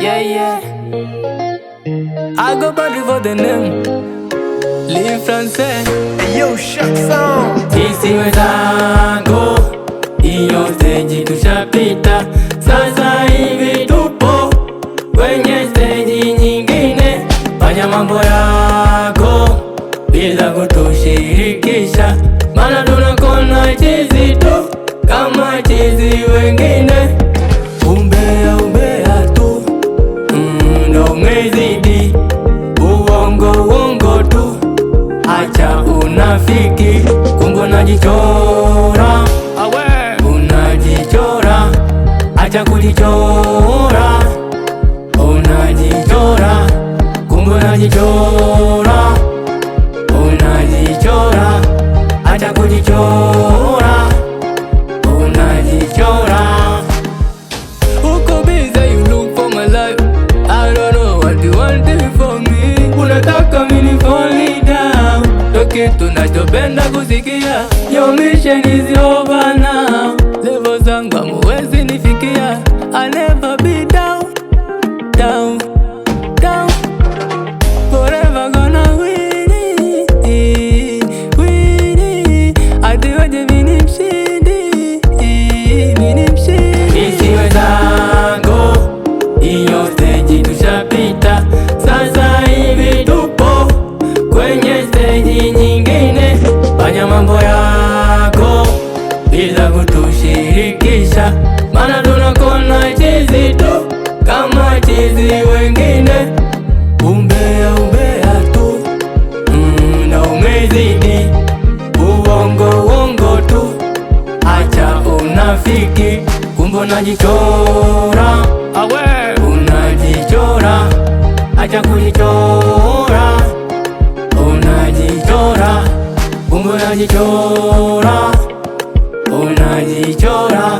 Yeah, yeah. I go by the the name. Lee Francais. Hey, yo, shut sound. Sisi wenzangu, hiyo stage tushapita. Sasa hivi tupo kwenye stage nyingine. Fanya mambo yako bila kutushirikisha, maana tunakona chizi tu kama chizi wengine unafiki kungu unajichora, unajichora, acha kujichora, unajichora, kungu unajichora, unajichora, acha kujichora kitu nachopenda kusikia, jumlisheni zioba kazi nyingine, fanya mambo yako bila kutushirikisha, maana tunakona chizi tu kama chizi wengine. Umbea umbea tu mm, na umezidi uongo uongo tu, acha unafiki, kumbe unajichora, unajichora, acha kujichora Mungu unajichora, unajichora,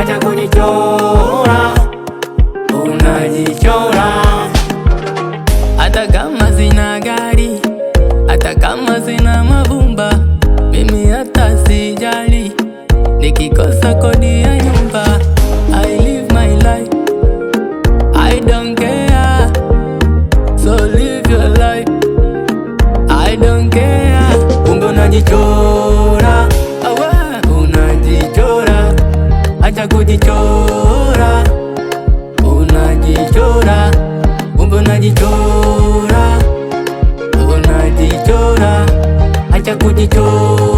acha kunichora, unajichora. Hata kama zina gari, hata kama zina mavumba, mimi hata sijali, nikikosa kodi ya nyumba don't care. kujichora awa unajichora acha kujichora unajichora umbe unajichora unajichora acha kujichora